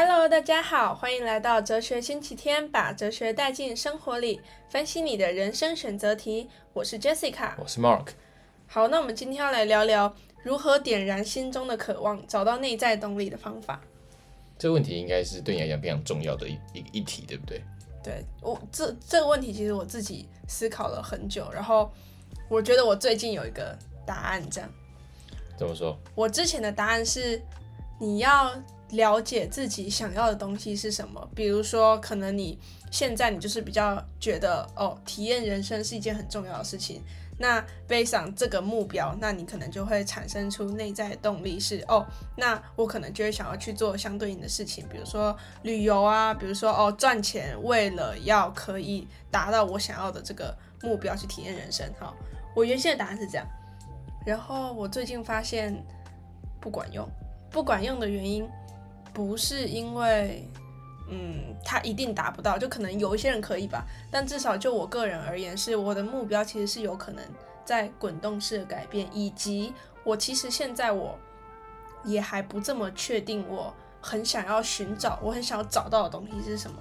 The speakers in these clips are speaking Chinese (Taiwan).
Hello，大家好，歡迎來到哲學星期天，把哲學帶進生活裡，分析你的人生選擇題。我是 Jessica，我是 Mark。好，那我們今天要來聊聊如何點燃心中的渴望，找到內在動力的方法。這個問題應該是對你來講非常重要的一一議題，對不對？對，我這這個問題，其實我自己思考了很久，然後我覺得我最近有一個答案，這樣怎麼說？我之前的答案是你要了解自己想要的東西是什麼，比如說，可能你現在你就是比較覺得哦，體驗人生是一件很重要的事情。那 based on 這個目標，那你可能就會產生出內在動力是，是哦，那我可能就會想要去做相對應的事情，比如說旅遊啊，比如說哦，賺錢，為了要可以達到我想要的這個目標去體驗人生。好，我原先的答案是這樣，然後我最近發現不管用，不管用的原因。不是因為，嗯，他一定達不到，就可能有一些人可以吧。但至少就我個人而言是，是我的目標其實是有可能在滾動式的改變，以及我其實現在我也還不這麼確定，我很想要尋找，我很想要找到的東西是什麼。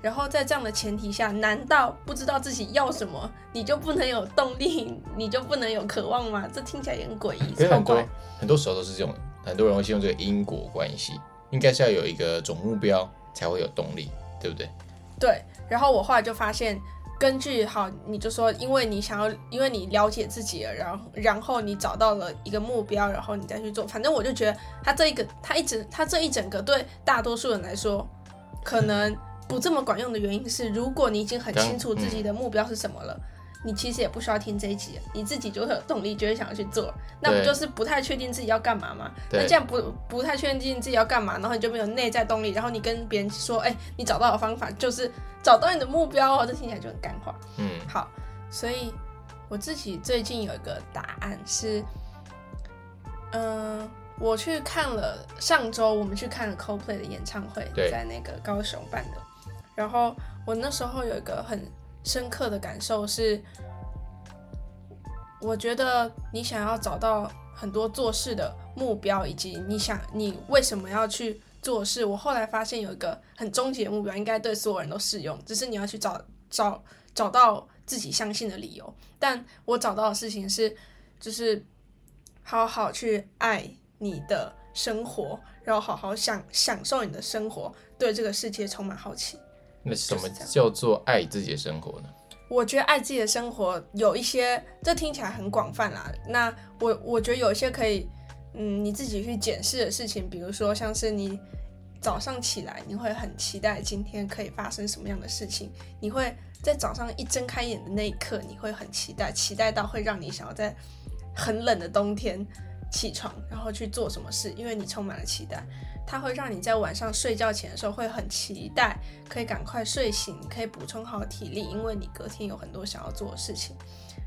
然後在這樣的前提下，難道不知道自己要什麼，你就不能有動力，你就不能有渴望嗎？這聽起來也很詭異。怪很多很多時候都是這種，很多人會用這個因果關係。應該是要有一個總目標，才會有動力，對不對？對。然後我後來就發現，根據好，你就說，因為你想要，因為你了解自己了，然後然後你找到了一個目標，然後你再去做。反正我就覺得，他這一個，他一直，他這一整個對大多數人來說，可能不這麼管用的原因是，如果你已經很清楚自己的目標是什麼了。你其實也不需要聽這一集，你自己就會有動力，就會想要去做。那不就是不太確定自己要幹嘛嗎？那這樣不不太確定自己要幹嘛，然後你就沒有內在動力，然後你跟別人說，哎、欸，你找到的方法就是找到你的目標，哦，這聽起來就很乾話。嗯，好，所以我自己最近有一個答案是，嗯、呃，我去看了上周我們去看了 Coldplay 的演唱會，對在那個高雄辦的，然後我那時候有一個很深刻的感受是，我覺得你想要找到很多做事的目標，以及你想你為什麼要去做事。我後來發現有一個很終極的目標，應該對所有人都適用，只是你要去找找找到自己相信的理由。但我找到的事情是，就是好好去愛你的生活，然後好好享享受你的生活，對這個世界充滿好奇。那什麼叫做愛自己的生活呢？我覺得愛自己的生活有一些，這聽起來很廣泛啦。那我我覺得有一些可以，嗯，你自己去檢視的事情，比如說像是你早上起來，你會很期待今天可以發生什麼樣的事情。你會在早上一睜開眼的那一刻，你會很期待，期待到會讓你想要在很冷的冬天。起床，然後去做什麼事，因為你充滿了期待，它會讓你在晚上睡覺前的時候會很期待，可以趕快睡醒，可以補充好體力，因為你隔天有很多想要做的事情。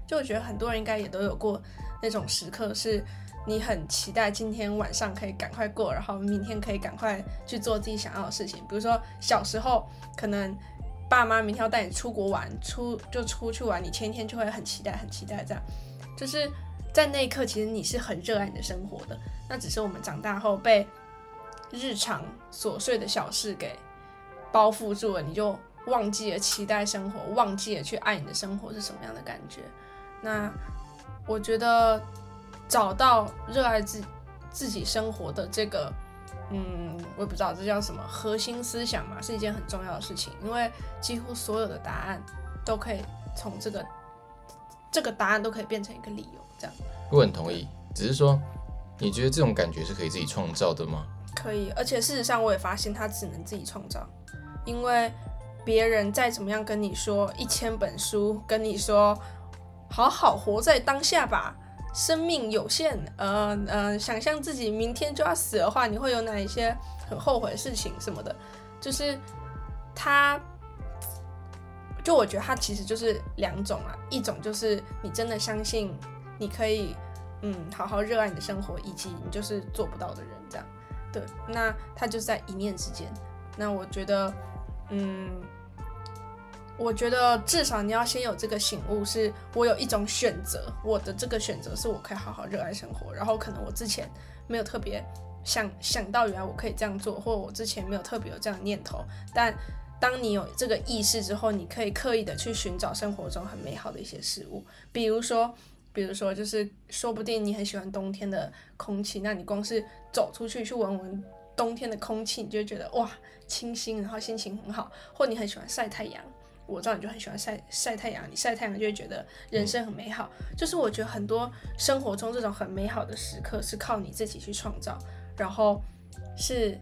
就我覺得很多人應該也都有過那種時刻，是你很期待今天晚上可以趕快過，然後明天可以趕快去做自己想要的事情。比如說小時候，可能爸媽明天要帶你出國玩，出就出去玩，你前一天就會很期待，很期待這樣，就是。在那一刻，其實你是很熱愛你的生活的。那只是我們長大後被日常瑣碎的小事給包覆住了，你就忘記了期待生活，忘記了去愛你的生活是什麼樣的感覺。那我覺得找到熱愛自自己生活的這個，嗯，我也不知道這叫什麼核心思想嘛，是一件很重要的事情。因為幾乎所有的答案都可以從這個這個答案都可以變成一個理由。這樣，我很同意。只是說，你覺得這種感覺是可以自己創造的嗎？可以，而且事實上我也發現它只能自己創造，因為別人再怎麼樣跟你說一千本書，跟你說好好活在當下吧，生命有限，呃呃，想象自己明天就要死的話，你會有哪一些很後悔的事情什麼的？就是它，就我覺得它其實就是兩種啊，一種就是你真的相信。你可以，嗯，好好熱愛你的生活，以及你就是做不到的人，這樣，對。那他就是在一念之間。那我覺得，嗯，我覺得至少你要先有這個醒悟是，是我有一種選擇，我的這個選擇是我可以好好熱愛生活。然後可能我之前沒有特別想想到，原來我可以這樣做，或我之前沒有特別有這樣的念頭。但當你有這個意識之後，你可以刻意的去尋找生活中很美好的一些事物，比如說。比如說，就是說不定你很喜歡冬天的空氣，那你光是走出去去聞聞冬天的空氣，你就會覺得哇，清新，然後心情很好。或你很喜歡曬太陽，我知道你就很喜歡曬曬太陽，你曬太陽就會覺得人生很美好。嗯。就是我覺得很多生活中這種很美好的時刻是靠你自己去創造，然後是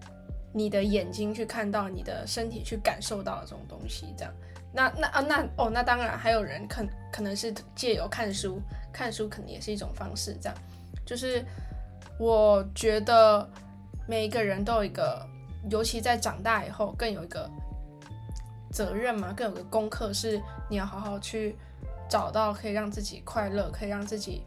你的眼睛去看到，你的身體去感受到的這種東西，這樣。那那啊那哦那當然還有人肯可能是借由看書，看書可能也是一種方式。這樣就是，我覺得每一個人都有一個，尤其在長大以後更有一個責任嘛，更有一個功課是你要好好去找到可以讓自己快樂，可以讓自己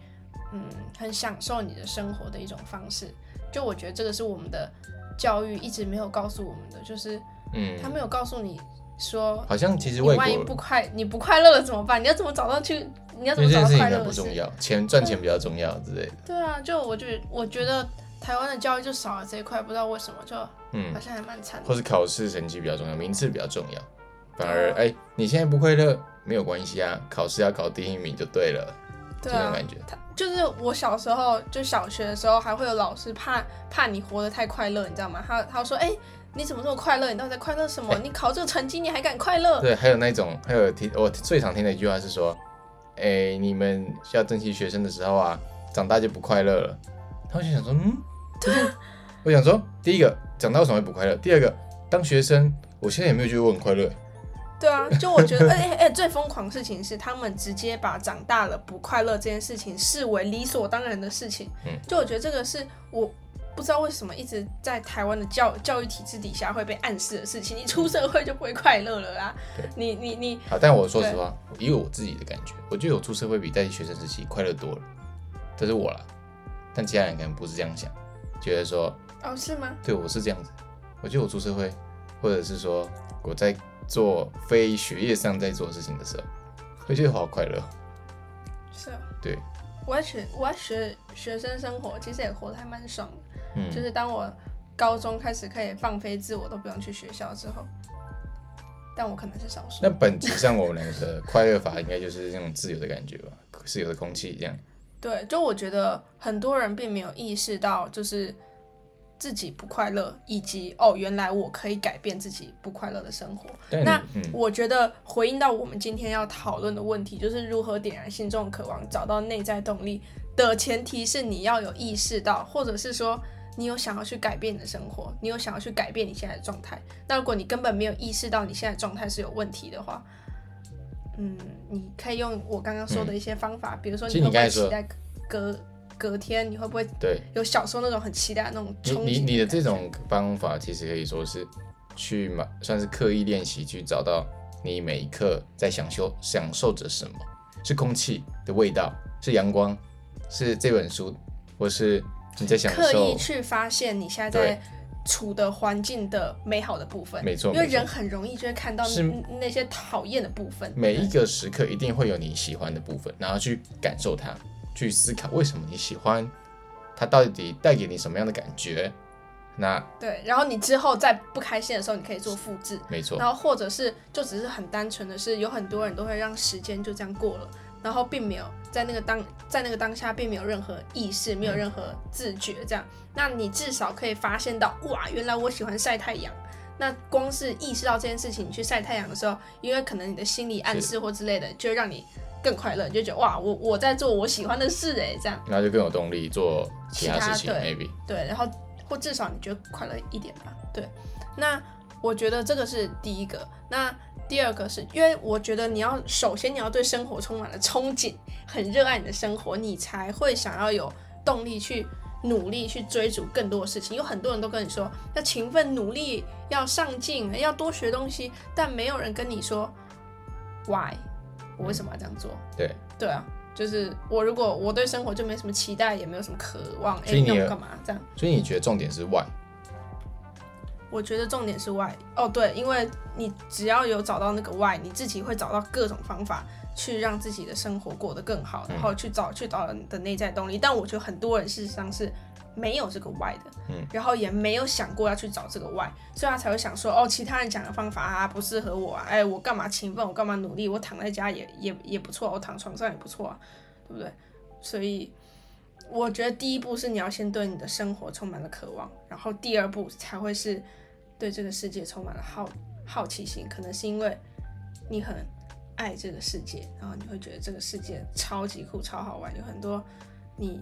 嗯很享受你的生活的一種方式。就我覺得這個是我們的教育一直沒有告訴我們的，就是嗯他沒有告訴你。說好像其實你萬一不快，你不快樂了怎麼辦？你要怎麼找到去？你要怎麼找到快樂？不重要，是錢賺錢比較重要之類的對。對啊，就我覺得，我覺得台灣的教育就少了這一塊，不知道為什麼就，嗯，好像還蠻慘的、嗯。或是考試成績比較重要，名次比較重要，反而哎、啊欸，你現在不快樂沒有關係啊，考試要考第一名就對了，對啊、這種感覺他。就是我小時候就小學的時候，還會有老師怕怕你活得太快樂，你知道嗎？他他說哎。欸你怎麼這麼快樂？你到底在快樂什麼？欸、你考這個成績你還敢快樂？對，還有那種，還有聽我最常聽的一句話是說，哎、欸，你們需要珍惜學生的時候啊，長大就不快樂了。他們就想說，嗯，對。我想說，第一個，長大為什麼會不快樂？第二個，當學生，我現在也沒有覺得我很快樂？對啊，就我覺得，哎哎、 欸欸，最瘋狂的事情是，他們直接把長大了不快樂這件事情視為理所當然的事情。嗯，就我覺得這個是我。不知道為什麼一直在台灣的教教育體制底下會被暗示的事情，你出社會就不會快樂了啦。對你你你好，但我說實話，因對為我自己的感覺，我覺得我出社會比在學生時期快樂多了，這是我了。但其他人可能不是這樣想，覺得說哦，是嗎？對，我是這樣子，我覺得我出社會，或者是說我在做非學業上在做事情的時候，會覺得好快樂。是啊，對，我要學，我要學學生生活，其實也活得還蠻爽的。就是當我高中開始可以放飛自我，都不用去學校之後，但我可能是少數。那本質上，我們兩個的快樂法應該就是那種自由的感覺吧，自由的空氣這樣。對，就我覺得很多人並沒有意識到，就是自己不快樂，以及哦，原來我可以改變自己不快樂的生活。對那我覺得回應到我們今天要討論的問題，就是如何點燃心中的渴望，找到內在動力的前提是你要有意識到，或者是說。你有想要去改變你的生活，你有想要去改變你現在的狀態。那如果你根本沒有意識到你現在狀態是有問題的話，嗯，你可以用我剛剛說的一些方法，嗯、比如說你會不會期待隔隔天，你會不會有小時候那種很期待的那種衝擊？你你的這種方法其實可以說是去嘛，算是刻意練習去找到你每一刻在享受享受着什麼，是空氣的味道，是陽光，是這本書，或是。你在想刻意去發現你現在在處的環境的美好的部分，沒錯，因為人很容易就會看到是那些討厭的部分。每一個時刻一定會有你喜歡的部分，然後去感受它，去思考為什麼你喜歡它，到底帶給你什麼樣的感覺？那對，然後你之後在不開心的時候，你可以做複製，沒錯錯。然後或者是就只是很單純的是，有很多人都會讓時間就這樣過了。然後並沒有在那個當在那個當下並沒有任何意識，沒有任何自覺，這樣。那你至少可以發現到，哇，原來我喜歡曬太陽。那光是意識到這件事情，你去曬太陽的時候，因為可能你的心理暗示或之類的，是就讓你更快樂，你就覺得哇，我我在做我喜歡的事哎，這樣。那就更有動力做其他事情他，maybe。對，然後或至少你覺得快樂一點吧。對，那我覺得這個是第一個。那第二個是因為我覺得你要首先你要對生活充滿了憧憬，很熱愛你的生活，你才會想要有動力去努力去追逐更多的事情。有很多人都跟你說要勤奮努力，要上進，要多學東西，但沒有人跟你說 why 我為什麼要這樣做？嗯、對對啊，就是我如果我對生活就沒什麼期待，也沒有什麼渴望，那誒，你要幹嘛這樣？所以你覺得重點是 why？我覺得重點是 why 哦，對，因為你只要有找到那個 why，你自己會找到各種方法去讓自己的生活過得更好，然後去找去找你的內在動力。但我覺得很多人事實上是沒有這個 why 的，嗯，然後也沒有想過要去找這個 why，所以他才會想說哦，其他人講的方法啊不適合我啊，哎，我幹嘛勤奮，我幹嘛努力，我躺在家也也也不錯，我躺床上也不錯啊，對不對？所以我覺得第一步是你要先對你的生活充滿了渴望，然後第二步才會是。對這個世界充滿了好好奇心，可能是因為你很愛這個世界，然後你會覺得這個世界超級酷、超好玩，有很多你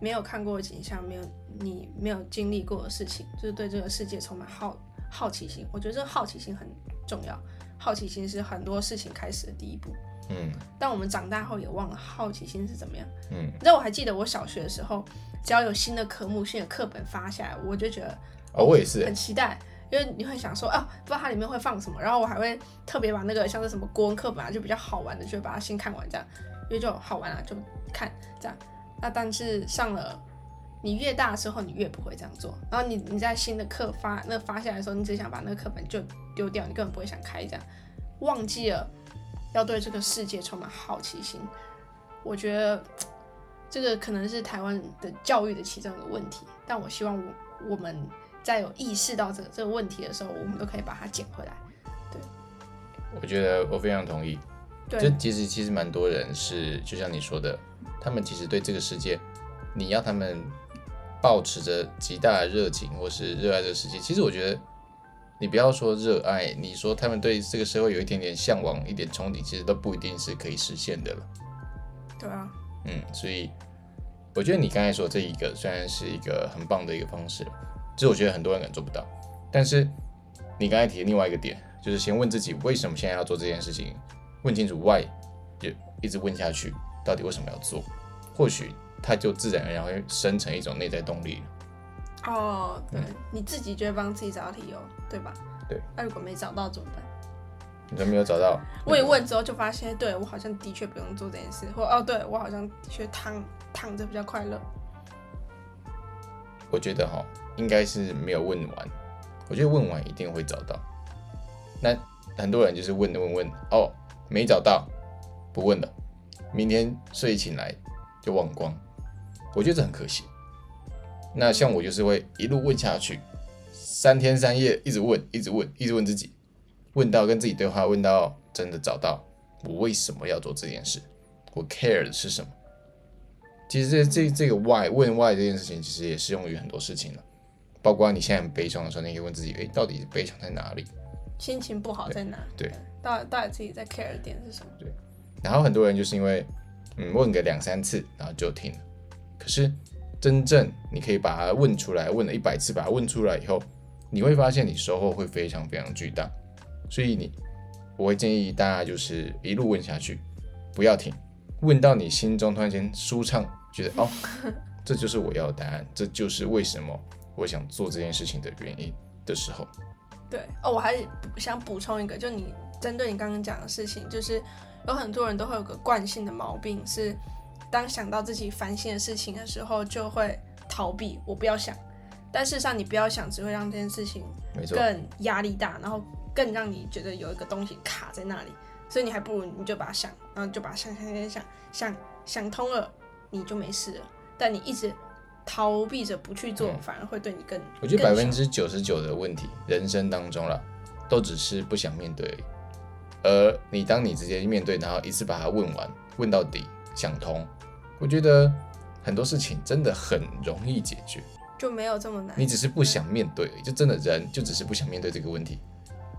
沒有看過的景象，沒有你沒有經歷過的事情，就是對這個世界充滿好好奇心。我覺得這個好奇心很重要，好奇心是很多事情開始的第一步。嗯，但我們長大後也忘了好奇心是怎麼樣。嗯，但我還記得我小學的時候，只要有新的科目、新的課本發下來，我就覺得。哦，oh, 我也是很期待，因為你會想說啊，不知道它裡面會放什麼。然後我還會特別把那個像是什麼國文課本啊，就比較好玩的，就會把它先看完這樣，因為就好玩了，啊，就看這樣。那但是上了你越大的時候，你越不會這樣做。然後你你在新的課發那發下來的時候，你只想把那個課本就丟掉，你根本不會想看這樣，忘記了要對這個世界充滿好奇心。我覺得這個可能是台灣的教育的其中一個問題，但我希望我我們。在有意識到這個、這個問題的時候，我們都可以把它撿回來。對，我覺得我非常同意。對，就其實其實蠻多人是，就像你說的，他們其實對這個世界，你要他們保持着極大的熱情或是熱愛這個世界，其實我覺得你不要說熱愛，你說他們對這個社會有一點點嚮往、一點憧憬，其實都不一定是可以實現的了。對啊。嗯，所以我覺得你剛才說這一個雖然是一個很棒的一個方式。.這我覺得很多人可能做不到，但是你剛才提的另外一個點，就是先問自己為什麼現在要做這件事情，問清楚 why，也一直問下去，到底為什麼要做，或許它就自然而然會生成一種內在動力了。哦，對，嗯、你自己就會幫自己找到理由，對吧？對。那、啊、如果沒找到怎麼辦？你都沒有找到？問一問之後就發現，對我好像的確不用做這件事，或哦，對我好像的確躺躺着比較快樂。我覺得齁，應該是沒有問完。我覺得問完一定會找到。那很多人就是問問問哦，沒找到，不問了，明天睡醒來就忘光。我覺得這很可惜。那像我就是會一路問下去，三天三夜一直問，一直問，一直問自己，問到跟自己對話，問到真的找到我為什麼要做這件事，我 care 的是什麼。其實這這這個 why 問 why 這件事情，其實也適用於很多事情了，包括你現在很悲傷的時候，你可以問自己：誒，到底悲傷在哪裡？心情不好在哪？對，對。到底到底自己在 care 的點是什麼？對。然後很多人就是因為嗯問個兩三次，然後就停了。可是真正你可以把它問出來，問了一百次，把它問出來以後，你會發現你收穫會非常非常巨大。所以你我會建議大家就是一路問下去，不要停，問到你心中突然間舒暢。覺得哦， 這就是我要的答案，這就是為什麼我想做這件事情的原因的時候。對哦，我還想補充一個，就你針對你剛剛講的事情，就是有很多人都會有個慣性的毛病，是當想到自己煩心的事情的時候，就會逃避，我不要想。但事實上，你不要想，只會讓這件事情更壓力大，錯然後更讓你覺得有一個東西卡在那裡。所以你還不如你就把它想，然後就把想想想想想想通了。你就沒事了，但你一直逃避着不去做，嗯、反而會對你更……我覺得百分之九十九的問題，熟人生當中了，都只是不想面對而已。而你當你直接面對，然後一次把它問完，問到底，想通，我覺得很多事情真的很容易解決，就沒有這麼難。你只是不想面對而已，嗯、就真的人就只是不想面對這個問題。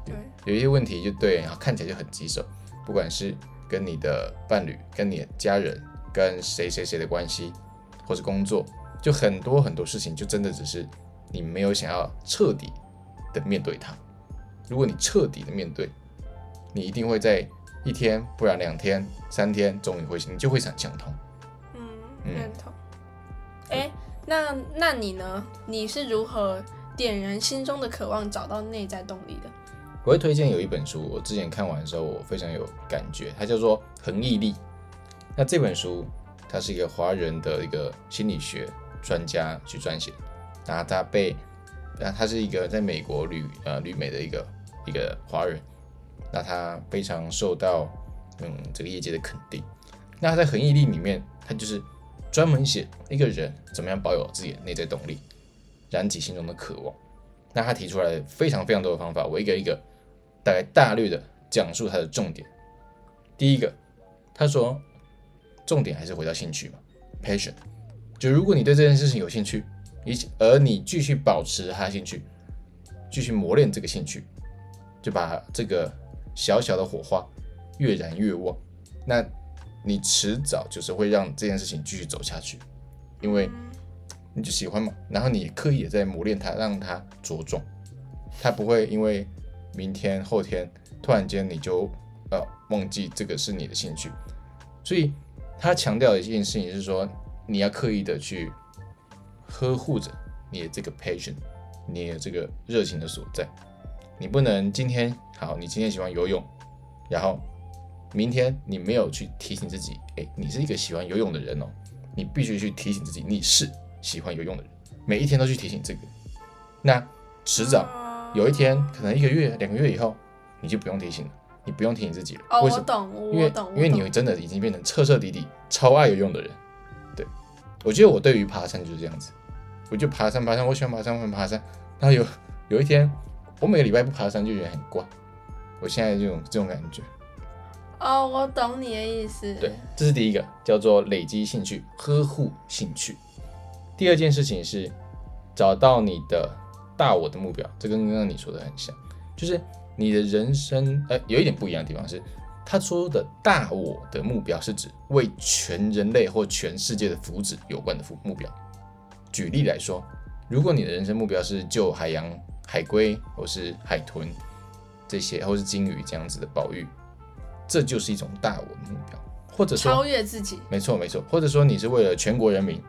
對，嗯、有一些問題就對，然後看起來就很棘手，不管是跟你的伴侶，跟你的家人。跟誰誰誰的關係，或是工作，就很多很多事情，就真的只是你沒有想要徹底的面對它。如果你徹底的面對，你一定會在一天，不然兩天、三天，終於會你就會想想通。嗯，認同痛。誒、嗯欸，那那你呢？你是如何點燃心中的渴望，找到內在動力的？我會推薦有一本書，我之前看完的時候，我非常有感覺，它叫做《恆毅力》。那這本書，他是一個華人的一個心理學專家去撰寫。那他被，呃，他是一個在美國旅呃旅美的一個一個華人，那他非常受到嗯這個業界的肯定。那他在《恆毅力》裡面，他就是專門寫一個人怎麼樣保有自己的內在動力，燃起心中的渴望。那他提出來非常非常多的方法，我一個一個大概大略的講述他的重點。第一個，他說。重點還是回到興趣嘛 Passion。就如果你對這件事情有興趣，一而你繼續保持他興趣，繼續磨練這個興趣，就把這個小小的火花越燃越旺。那你遲早就是會讓這件事情繼續走下去，因為你就喜歡嘛。然後你刻意也在磨練它，讓它茁壯，它不會因為明天後天突然間你就呃忘記這個是你的興趣，所以。他強調的一件事情是說，你要刻意的去呵護着你的這個 passion，你的這個熱情的所在。你不能今天好，你今天喜歡游泳，然後明天你沒有去提醒自己，哎，你是一個喜歡游泳的人哦，你必須去提醒自己你是喜歡游泳的人，每一天都去提醒這個，那遲早有一天，可能一個月、兩個月以後，你就不用提醒了。你不用聽你自己了。哦，為什麼我懂？因為我懂，因為你真的已經變成徹徹底底超愛有用的人。對，我覺得我對於爬山就是這樣子，我就爬山爬山，我喜歡爬山，我很爬山。然後有有一天，我每個禮拜不爬山就覺得很怪。我現在這種這種感覺。哦，我懂你的意思。對，這是第一個，叫做累積興趣，呵護興趣。第二件事情是找到你的大我的目標，這跟剛剛你說的很像，就是。你的人生，呃、欸，有一點不一樣的地方是，他說的大我的目標是指為全人類或全世界的福祉有關的目目標。舉例來說，如果你的人生目標是救海洋海龜，或是海豚這些，或是鯨魚這樣子的保育，這就是一種大我的目標，或者說超越自己。沒錯沒錯，或者說你是為了全國人民，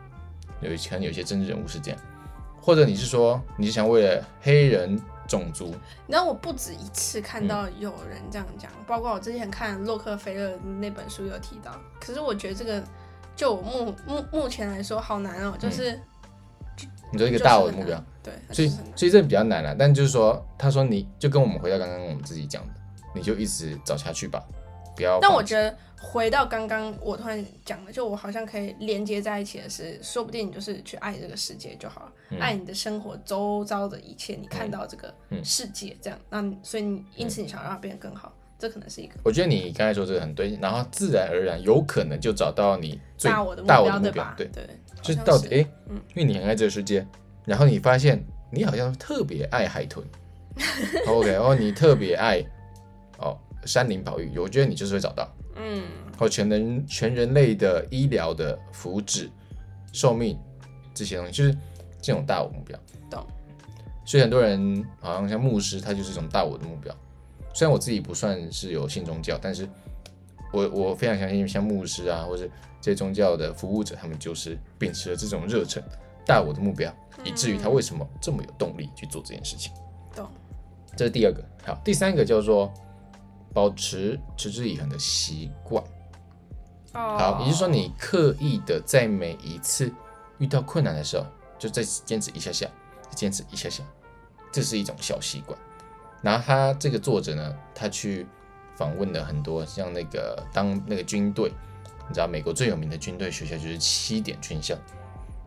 有可能有一些政治人物事件，或者你是說你想為了黑人。種族，你知道、嗯、我不止一次看到有人這樣講，包括我之前看洛克菲勒的那本書有提到。可是我覺得這個，就我目目目前來說，好難哦，就是。嗯、你說一個大我的目標，對，所以所以這比較難了、啊。但就是說，他說你就跟我們回到剛剛我們自己講的，你就一直找下去吧，不要。但我覺得。回到剛剛我突然講的，就我好像可以連接在一起的是，說不定你就是去愛這個世界就好了，嗯、愛你的生活周遭的一切，你看到這個世界這樣，那、嗯嗯、所以你因此你想讓它變得更好，嗯、這可能是一個。我覺得你剛才說這個很對，然後自然而然有可能就找到你最大我，大我的目標，對對，就是到底哎，欸嗯、因為你很愛這個世界，然後你發現你好像特別愛海豚 ，OK，然後你特別愛哦山林保育，我覺得你就是會找到。嗯，或全人全人類的醫療的福祉、壽命這些東西，就是這種大我目標。懂。所以很多人好像像牧師，他就是一種大我的目標。雖然我自己不算是有信宗教，但是我我非常相信，像牧師啊，或者這些宗教的服務者，他們就是秉持了這種熱忱，大我的目標，嗯、以至於他為什麼這麼有動力去做這件事情。懂。這是第二個，好，第三個叫做。保持持之以恆的習慣，好，也就是說，你刻意的在每一次遇到困難的時候，就再堅持一下下，堅持一下下，這是一種小習慣。然後他這個作者呢，他去訪問了很多，像那個當那個軍隊，你知道美國最有名的軍隊學校就是西點軍校，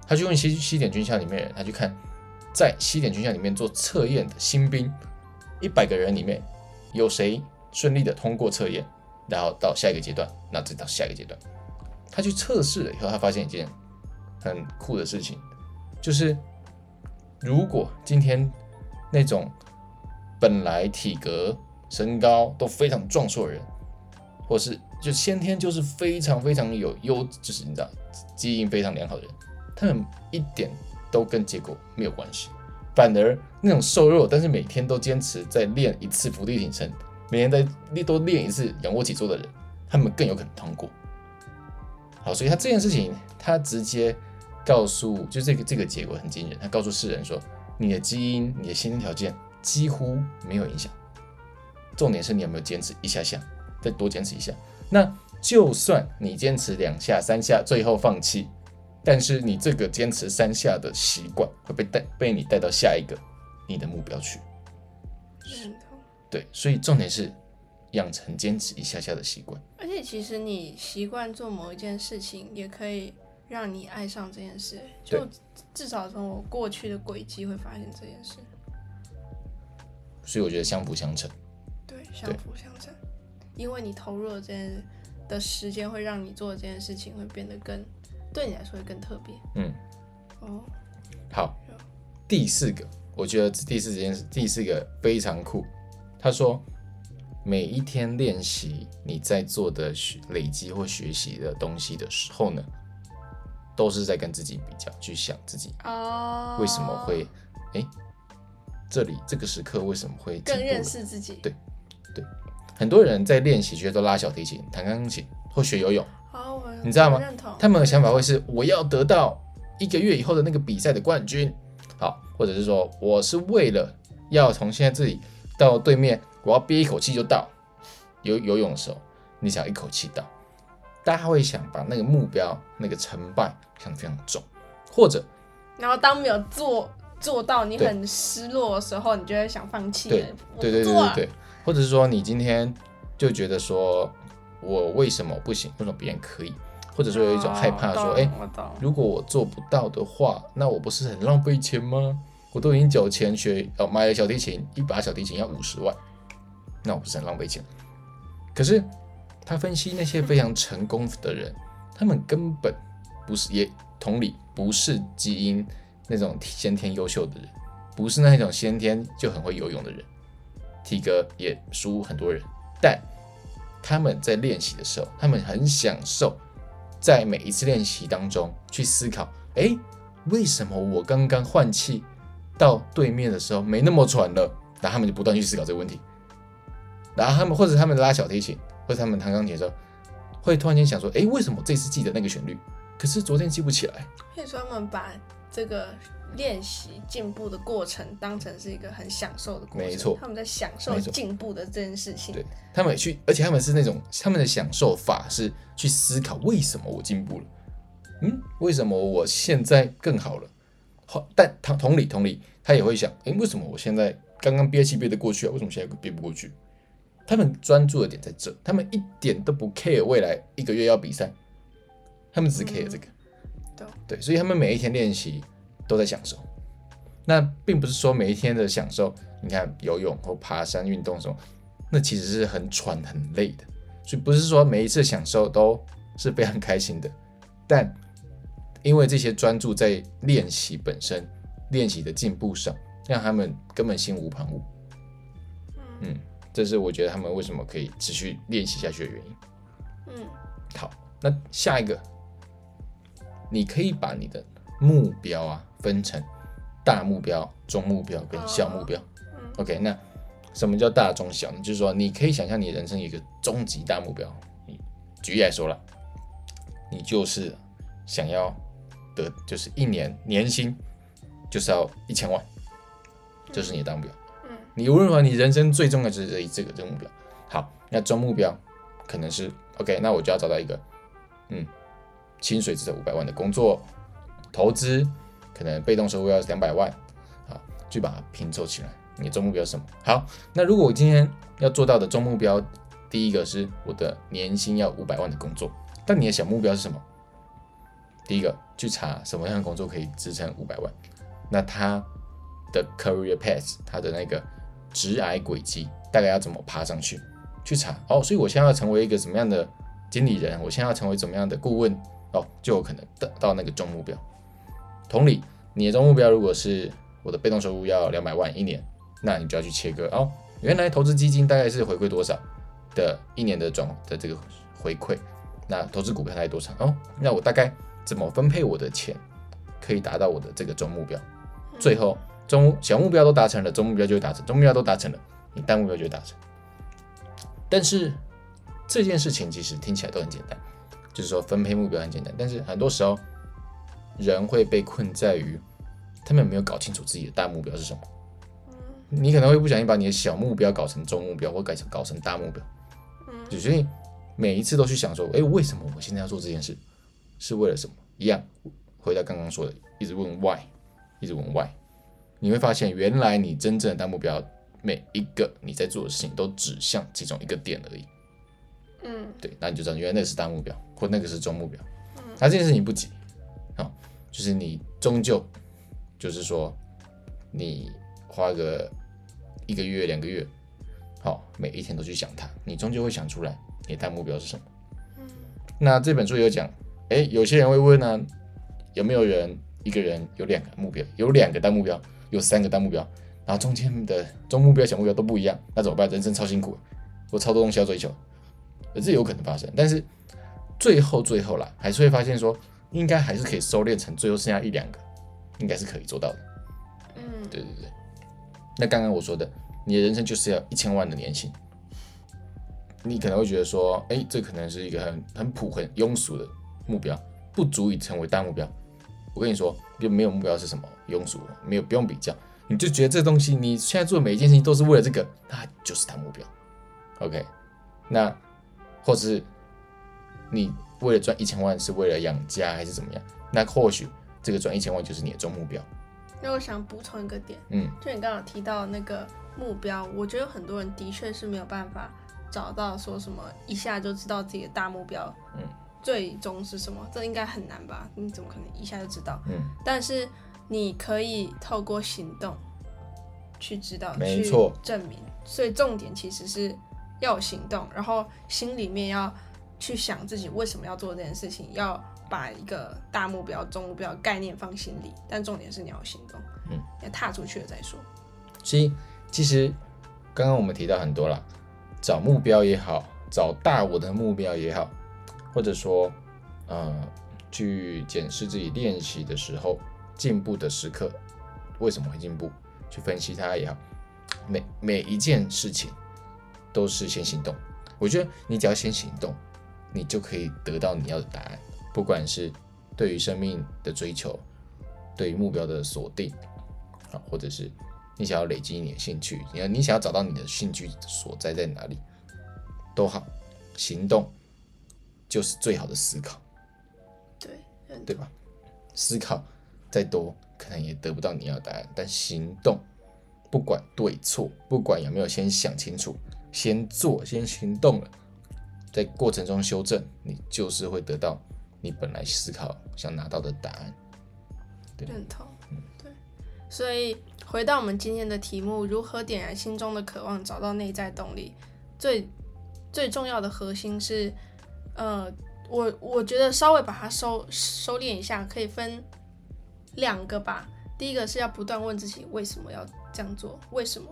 他去問西西點軍校裡面的人，他去看在西點軍校裡面做測驗的新兵，一百個人裡面有誰順利的通過測驗，然後到下一個階段，那再到下一個階段。他去測試了以後，他發現一件很酷的事情，就是如果今天那種本來體格、身高都非常壯碩的人，或是就先天就是非常非常有優，就是你知道基因非常良好的人，他們一點都跟結果沒有關係，反而那種瘦弱，但是每天都堅持在練一次伏地挺身。每天再練多練一次仰臥起坐的人，他們更有可能通過。好，所以他這件事情，他直接告訴，就這個這個結果很驚人。他告訴世人說，你的基因、你的先天條件幾乎沒有影響。重點是你有沒有堅持一下下，再多堅持一下。那就算你堅持兩下、三下，最後放棄，但是你這個堅持三下的習慣會被帶，被你帶到下一個你的目標去。是對，所以重點是養成堅持一下下的習慣。而且，其實你習慣做某一件事情，也可以讓你愛上這件事。對就至少從我過去的軌跡會發現這件事。所以我覺得相輔相成。對，相輔相成，對因為你投入了這件事的時間，會讓你做的這件事情會變得更，對你來說會更特別。嗯，哦，oh, 好，有第四個，我覺得第四件事，第四個非常酷。他說：“每一天練習你在做的學累積或學習的東西的時候呢，都是在跟自己比較，去想自己哦，為什麼會哎、Oh. 欸、這裡這個時刻為什麼會更認識自己？對對，很多人在練習學都拉小提琴、彈鋼琴或學游泳。好，Oh, 你知道嗎？他們的想法會是我，我要得到一個月以後的那個比賽的冠軍，好，或者是說我是為了要從現在這裡。”到對面，我要憋一口氣就到。游游泳的時候，你想一口氣到，大家會想把那個目標、那個成敗想得非常重，或者，然後當沒有做做到，你很失落的時候，對你就會想放棄。對對，對對對對。或者是說，你今天就覺得說我為什麼不行？為什麼別人可以？或者說有一種害怕說，說誒、哦，欸、如果我做不到的話，那我不是很浪費錢嗎？我都已經九千學哦，買了小提琴，一把小提琴要五十萬，那我不是很浪費錢？可是他分析那些非常成功的人，他們根本不是，也同理，不是基因那種先天優秀的人，不是那種先天就很會游泳的人，體格也輸很多人，但他們在練習的時候，他們很享受在每一次練習當中去思考，哎、欸，為什麼我剛剛換氣到對面的時候沒那麼喘了，然後他們就不斷去思考這個問題。然後他們或者他們拉小提琴，或者他們彈鋼琴的時候，會突然間想說：哎，為什麼這次記得那個旋律，可是昨天記不起來？所以說他們把這個練習進步的過程當成是一個很享受的過程。沒錯，他們在享受進步的這件事情。對，他們去，而且他們是那種他們的享受法是去思考為什麼我進步了？嗯，為什麼我現在更好了？好，但同同理同理。同理他也會想，誒，為什麼我現在剛剛憋氣憋得過去啊？為什麼現在憋不過去？他們專注的點在這，他們一點都不 care 未來一個月要比賽，他們只 care 這個。嗯嗯，對，對，所以他們每一天練習都在享受。那並不是說每一天的享受，你看游泳或爬山運動什麼，那其實是很喘很累的，所以不是說每一次享受都是非常開心的。但因為這些專注在練習本身。練習的進步上，讓他們根本心無旁騖。嗯，這是我覺得他們為什麼可以持續練習下去的原因。嗯，好，那下一個，你可以把你的目標啊分成大目標、中目標跟小目標。哦嗯、OK，那什麼叫大、中、小呢？就是說，你可以想象你人生一個終極大目標。你舉例來說了，你就是想要的就是一年年薪。就是要一千萬，就是你的大目標。嗯，嗯，你無論如何，你人生最重要的這個這個目標。好，那中目標可能是 OK，那我就要找到一個，嗯，薪水至少五百萬的工作，投資可能被動收入要兩百萬，好，去把它拼湊起來。你的中目標是什麼？好，那如果我今天要做到的中目標，第一個是我的年薪要五百萬的工作，但你的小目標是什麼？第一個去查什麼樣的工作可以支撐五百萬。那他的 career path，他的那個職涯軌跡大概要怎麼爬上去？去查哦。所以我現在要成為一個什麼樣的經理人？我現在要成為什麼樣的顧問哦？就有可能達到那個終目標。同理，你的終目標如果是我的被動收入要兩百萬一年，那你就要去切割哦。原來投資基金大概是回饋多少的一年的總的這個回饋？那投資股票大概多少哦？那我大概怎麼分配我的錢可以達到我的這個終目標？最後，中小目標都達成了，中目標就達成，中目標都達成了，你大目標就達成。但是這件事情其實聽起來都很簡單，就是說分配目標很簡單。但是很多時候，人會被困在於他們有沒有搞清楚自己的大目標是什麼。你可能會不小心把你的小目標搞成中目標，或改成搞成大目標。所以每一次都去想說，哎、欸，為什麼我現在要做這件事？是為了什麼？一樣，回到剛剛說的，一直問 Why。一直往外，你會發現，原來你真正的大目標，每一個你在做的事情，都指向其中一個點而已。嗯，對，那你就知道，原來那是大目標，或那個是中目標。嗯，那、啊、這件事情不急，好、哦，就是你終究，就是說，你花個一個月、兩個月，好、哦，每一天都去想它，你終究會想出來，你的大目標是什麼。嗯，那這本書也有講，誒，有些人會問呢、啊，有沒有人？一個人有兩個目標，有兩個大目標，有三個大目標，然後中間的中目標、小目標都不一樣。那怎麼辦？人生超辛苦，我超多東西要追求，這是有可能發生。但是最後最後啦，還是會發現說，應該還是可以收斂成最後剩下一兩個，應該是可以做到的。嗯，對對對。那剛剛我說的，你的人生就是要一千萬的年薪，你可能會覺得說，哎，這可能是一個很很普很庸俗的目標，不足以成為大目標。我跟你說，就沒有目標是什麼庸俗，沒有，不用比較，你就覺得這東西，你現在做每一件事情都是為了這個，那就是他目標。OK，那或是你為了賺一千萬，是為了養家還是怎麼樣？那或許這個賺一千萬就是你的終目標。那我想補充一個點，嗯，就你剛剛提到的那個目標，我覺得很多人的確是沒有辦法找到說什麼一下就知道自己的大目標，嗯。最終是什麼？這應該很難吧？你怎麼可能一下就知道？嗯，但是你可以透過行動去知道，沒錯，去證明。所以重點其實是要有行動，然後心裡面要去想自己為什麼要做這件事情，要把一個大目標、中目標概念放心裡。但重點是你要有行動，嗯，要踏出去了再說。所以其實剛剛我們提到很多了，找目標也好，找大我的目標也好。嗯或者說，呃，去檢視自己練習的時候，進步的時刻，為什麼會進步？去分析它也好，每每一件事情都是先行動。我覺得你只要先行動，你就可以得到你要的答案。不管是對於生命的追求，對於目標的鎖定，啊，或者是你想要累積你的興趣，你要你想要找到你的興趣所在在哪裡，都好，行動。就是最好的思考，對，對吧？思考再多，可能也得不到你要的答案。但行動，不管對錯，不管有沒有先想清楚，先做，先行動了，在過程中修正，你就是會得到你本來思考想拿到的答案。對，認同，對。所以回到我們今天的題目：如何點燃心中的渴望，找到內在動力？最最重要的核心是。呃，我我覺得稍微把它收收斂一下，可以分兩個吧。第一個是要不斷問自己為什麼要這樣做，為什麼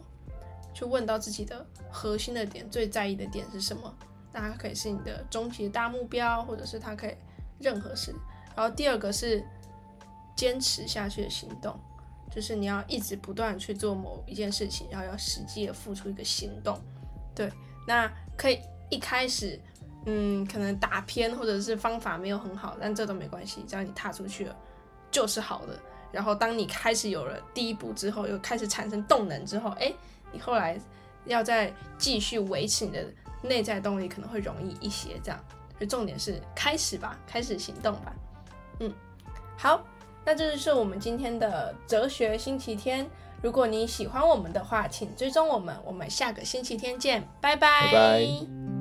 去問到自己的核心的點，最在意的點是什麼？那它可以是你的終極大目標，或者是它可以任何事。然後第二個是堅持下去的行動，就是你要一直不斷去做某一件事情，然後要實際的付出一個行動。對，那可以一開始。嗯，可能打偏或者是方法沒有很好，但這都沒關係，只要你踏出去了，就是好的。然後當你開始有了第一步之後，又開始產生動能之後，哎，你後來要再繼續維持你的內在動力，可能會容易一些。這樣，就重點是開始吧，開始行動吧。嗯，好，那這就是我們今天的哲學星期天。如果你喜歡我們的話，請追蹤我們，我們下個星期天見，拜拜。拜拜。